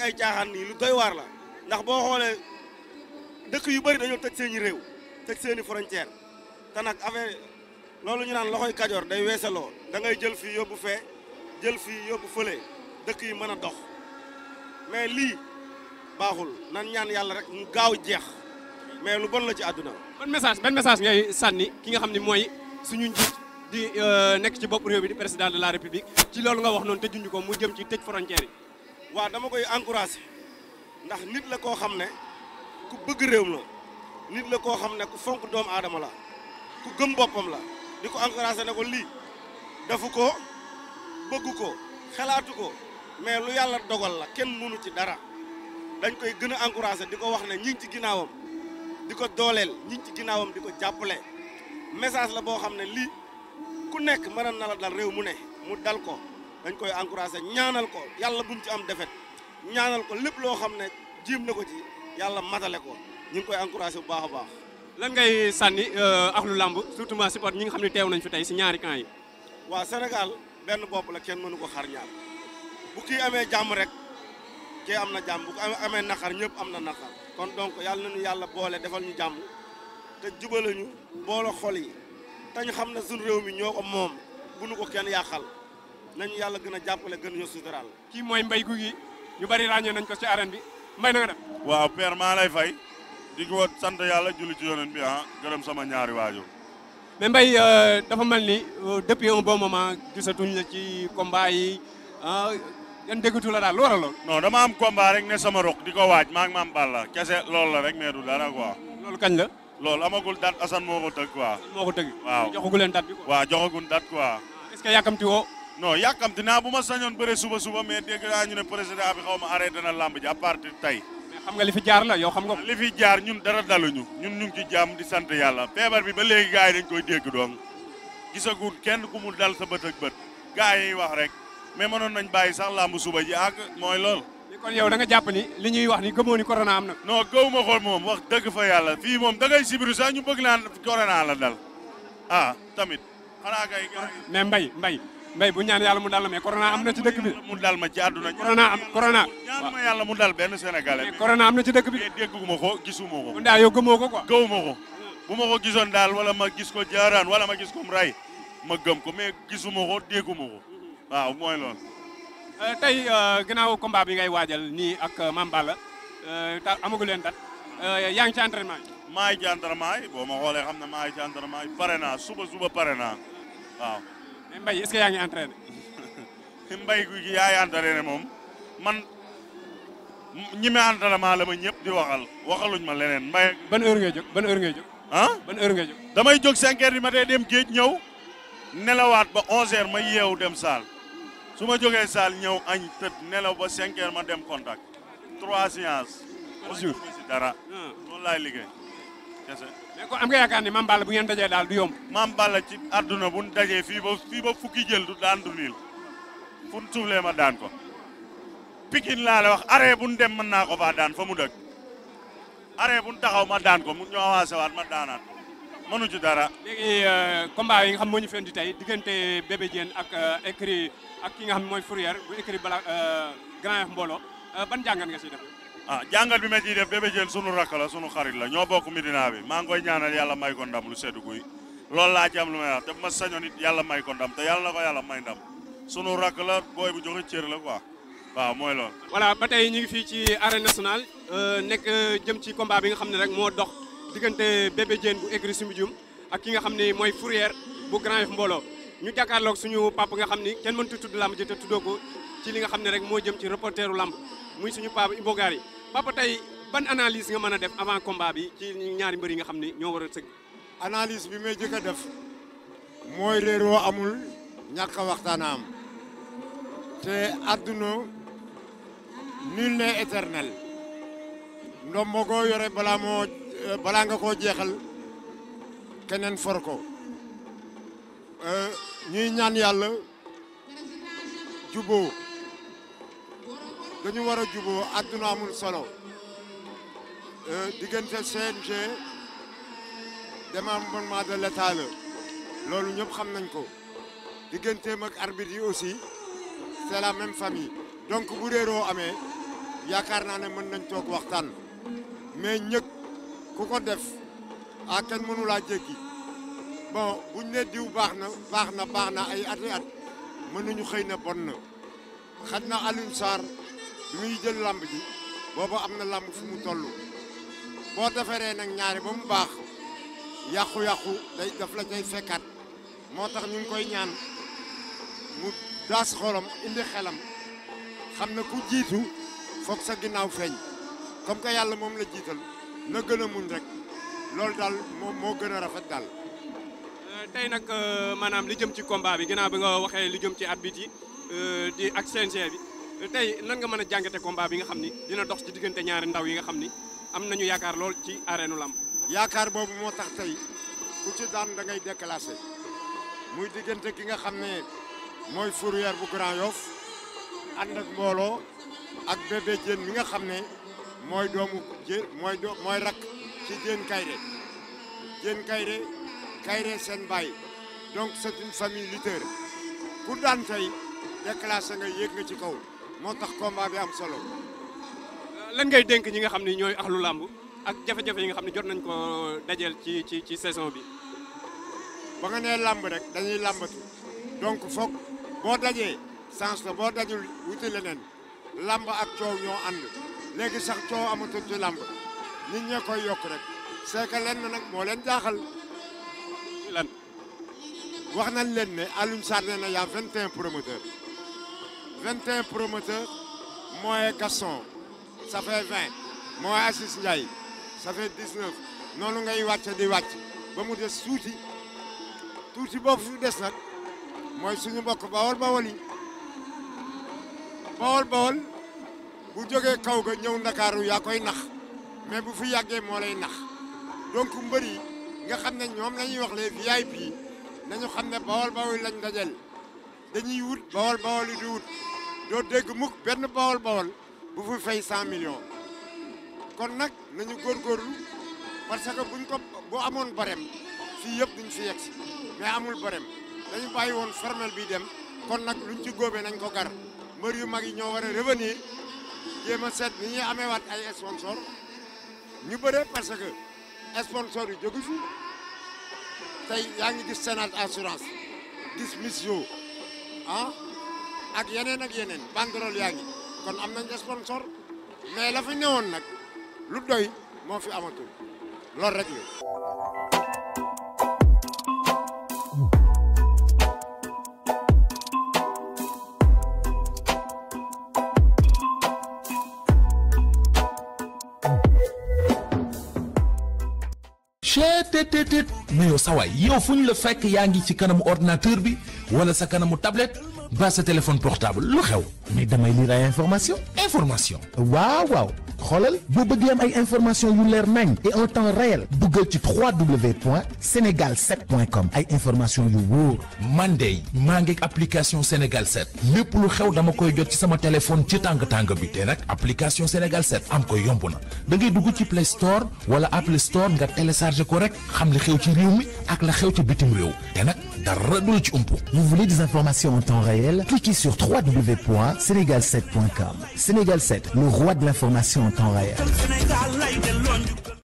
ak ay caaxaan nii lu doy waar la ndax boo xoolee dëkk yu bëri dañoo tëj seen i réew tëj seeni i frontière te nag loolu ñu naan loxoy kajoor day weesaloo da ngay jël fii yóbbu fee jël fii yóbbu fële dëkk yi mën a dox mais lii baaxul nan ñaan yàlla rek mu gaaw jeex mais lu bon la ci àdduna ban message ban message ngay sànni ki nga xam ne mooy suñu njiit di euh, nekk ci bopp réew bi di président de la république ci loolu nga wax noonu tëjuñu ko mu jëm ci tëj frontière yi waaw dama koy encouragé ndax nit la koo xam ne ku bëgg réew la nit la koo xam ne ku fonk doomu aadama la ku gëm boppam la di ko encouragé ne ko lii dafu ko bëgg ko xalaatu ko mais lu yàlla dogal la kenn mënu ci dara dañ koy gën a encouragé di ko wax ne ñi ngi ci ginnaawam di ko dooleel ñi ngi ci ginnaawam di ko jàppale message la boo xam ne lii ku nekk mënoon na la dal réew mu ne mu dal ko dañ koy encouragé ñaanal ko yàlla bu ci am defet ñaanal ko lépp loo xam ne jiim na ko ci yàlla matale ko ñu ngi koy encouragé bu baax a baax. lan ngay sànni euh, ak lu làmb surtout ma support ñi nga xam ne teew nañ fi tey si ñaari camp yi. waa Sénégal benn bopp la kenn mënu ko xar ñaar bu kii amee jàmm rek kii am na jàmm bu ko amee naxar ñëpp am na naqar kon donc yàlla nañu yàlla boole defal ñu jàmm te jubalañu boole xol yi te xam ne suñu réew mi ñoo ko moom bu nu ko kenn yàqal. nañu yàlla gën a jàppale gën ñu suturaal. kii mooy mbay gu yu ñu bari ràññee nañ ko ci arène bi mbay na nga def. waaw père maa lay fay di ko sant yàlla julli ci yonent bi a ah, gërëm sama ñaari waajur. mais mbay euh, dafa mel ni euh, depuis un bon moment gisatuñ la ci combat yi ah yan déggatu la daal lu waral lool. non dama am combat rek ne sama rok di ko waaj maa ngi maam Balla kese loolu la rek mais du dara quoi. loolu kañ la. loolu amagul date Assane moo ko tëgg ko tëgg. waaw leen date bi non yàkkamti naa bu ma sañoon bëre suba suba mais dégg naa ñu ne président bi xaw ma arrêté na làmb ji à partir tey. mais xam nga li fi jaar la yow xam nga. li fi jaar ñun dara daluñu ñun ñu ngi ci jàmm di sant yàlla feebar bi ba léegi gars yi dañ koy dégg doom gisaguut kenn ku mu dal sa bët ak bët yi wax rek mais mënoon nañ bàyyi sax làmb suba ji ak mooy lool. kon yow da nga jàpp ni li ñuy wax ni gëmoo ni corona am na. noo gëwuma xool moom wax dëgg fa yàlla fii moom da ngay sibiru sax ñu bëgg naan corona la dal ah tamit xanaa kay. mais mbay mbay mbay bu ñaan yàlla mu dal la mais corona am na ci dëkk bi mu dal ma ci àdduna am corona yàlla mu dal benn sénégalais corona am na ci dëkk bi dégguma ko gisuma ko mu daal yow gëmoo ko quoi gëwuma ko bu ma ko gisoon daal wala ma gis ko jaaraan wala ma gis ko mu ray ma gëm ko mais gisuma ko dégguma ko waaw mooy lool euh, tey euh, ginnaaw combat bi ngay waajal nii ak euh, Mame Balla ta leen dat yaa ngi ci entraînement yi maa ngi ci entraînement yi boo ma xoolee xam na maa ci entraînement yi pare naa suba suba pare naa mais Mbaye est-ce que yaa ngi guy gi yaa ngi moom man ñi ma entraînement la ma ñëpp di waxal waxaluñ ma leneen Mbaye. ban heure ngay jóg ban heure damay jóg 5 heures du matin dem géej ñëw nelawaat ba 11 heures ma yeewu dem saal su ma jógee saal ñëw añ tëdd nelaw ba 5 ma dem contact trois séances. dara. Ah. liggéey ko am nga yaakaar ne Mame bu ngeen dajee daal du yomb Mame Balla ci àdduna bu ñu dajee fii ba fii ba du daan du niil fu ñu suuflee ma daan ko Pikine laa la wax arrêt bu ñu dem mën naa daan fa mu dëkk arrêt bu ñu taxaw ma daan ko mu ñu avancé waat ma daanaat mënu dara. léegi euh, combat yi nga xam moo ñu feen di tey diggante Bébé Diène ak euh, écrit ak ki nga xam mooy Fourier bu écrit bala euh, Grand Yoff mbooloo ban jàngat nga siy def. ah jàngal bi ma ciy def bébé jël sunu rakk la sunu xarit la ñoo bokk Medina bi maa ngi koy ñaanal yàlla may ko ndam lu seddu guy loolu laa ci am lu may wax te bu ma sañoon it yàlla may ko ndam te yalla na ko yàlla may ndam sunu rakk la booy bu joxe cër la quoi waaw mooy loolu. voilà ba tey ñu ngi fii ci arène nationale euh, nekk euh, jëm ci combat bi nga xam ne rek moo dox diggante bébé jën bu écrit Soumbédioune ak ki nga xam ne mooy Fourrière bu Grand Yoff mbooloo ñu jàkkaarloog suñu papa nga xam ni kenn mënut a tudd làmb ji te tuddoo ci li nga xam ne rek moo jëm ci reporteru làmb muy suñu papa Ibou Gary yi papa tey ban analyse nga mën a def avant combat bi ci ñaari mbër yi nga xam ni ñoo war a sëgg. analyse bi may jëkk a def mooy réeroo amul ñàkk a waxtaan am te adduna nul n'est éternel ndombo goo yore balaa moo balaa nga koo jeexal keneen for ko euh, ñuy ñaan yàlla juboo dañu war a juboo àdduna amul solo euh, diggante CNG démembrement de l'État la loolu ñëpp xam nañ ko digganteem ak arbitre yi aussi c'est la même famille donc bu réer amee yaakaar naa ne mën nañ toog waxtaan mais ñëg ku ko def a kenn mënulaa jéggi bon buñ ne diw baax na baax na baax ay ati at mënuñu xëy na bon na xaj na Alioune Sarr bi muy jël làmb ji boobu am na làmb fu mu tollu boo defaree nag ñaari ba mu baax yàqu-yàqu day daf la cay fekkaat moo tax ñu ngi koy ñaan mu daas xolam indi xelam xam na ku jiitu foog sa ginnaaw feeñ comme que yàlla moom la jiital na gën a mun rek loolu dal moo moo gën a rafet daal. Euh, tey nag euh, maanaam li jëm ci combat bi ginnaaw bi nga waxee li jëm ci arbitre yi euh, di ak CNG bi. tey lan nga mën a jàngate combat bi nga xam ni dina dox ci diggante ñaari ndaw yi nga xam ni am nañu yaakaar lool ci areenu làmb yaakaar boobu moo tax tey ku ci daan da ngay déclassé muy diggante ki nga xam ne mooy fourrière bu Grand Yoff ànd ak mbooloo ak bébé Diène mi nga xam ne mooy doomu Diène mooy do mooy rakk ci Diène Kaïré Diène Kaïré Kaïré seen baay donc c'est une famille lutteur ku daan tey déclassé nga yéeg nga ci kaw moo tax combat bi am solo. lan ngay dénk ñi nga xam ne ñooy axlu làmb ak jafe-jafe yi nga xam ne jot nañ ko dajeel ci ci ci saison bi. ba nga nee làmb rek dañuy làmbatu donc foog boo dajee sens la boo dajul wuti leneen làmb ak coow ñoo ànd léegi sax coow amatul làmb nit ñee koy yokk rek c'est que lenn nag moo leen jaaxal. lan wax nañ leen ne Alioune Sarr nee na y a 21 promoteurs. 21 promoteurs mooy Gaston ça fait 20 mooy Assis Ndiaye ça fait 19 noonu ngay wàcc di wàcc ba mu des tuuti tuuti boobu su des nag mooy suñu mbokk bawol bawol yi bawol bawol bu jógee kaw ga ñëw ndakaaru yaa koy nax mais bu fu yàggee moo lay nax donc mbër yi nga xam ne ñoom la ñuy wax les VIP nañu xam ne bawol bawol lañ dajel dañuy wut bawol bawol yi di wut doo dégg mukk benn bawol bawol bu fi fay cent millions kon nag nañu góorgóorlu parce que buñ ko bu amoon barem fii yëpp duñ fi yegsi mais amul barem dañu bàyyi woon formel bi dem kon nag luñ ci góobee nañ ko gar mbër yu mag yi ñoo war a revenir jéem a seet ni ñuy amee waat ay sponsor ñu bëree parce que sponsor yu jógu fi tey yaa ngi gis Sénat assurance gis Miss ah ak yeneen ak yeneen banderole yaa ngi kon am nañ sponsor mais la ñëwoon nag lu doy moo fi amatul loolu rek la tét tét mais yow sa waay yow fu ñu la fekk yaa ngi ci kanamu ordinateur bi wala sa kanamu tablette ba sa téléphone portable lu xew mais damay lire ay information information waaw waaw xoolal boo bëggee am ay information yu leer nañ et en temps réel duggal ci www.senegal7.com ay information yu wóor man de maa ngi application Sénégal 7 lépp lu xew dama koy jot ci sama téléphone ci tàng tàng bi te nag application Sénégal 7 am ko yomb na da ngay dugg ci Play Store wala Apple Store nga télécharger ko rek xam li xew ci réew mi ak la xew ci bitim réew te nag dara du la ci umpu. Vous voulez des informations en temps réel? Cliquez sur www.senegal7.com en temps réel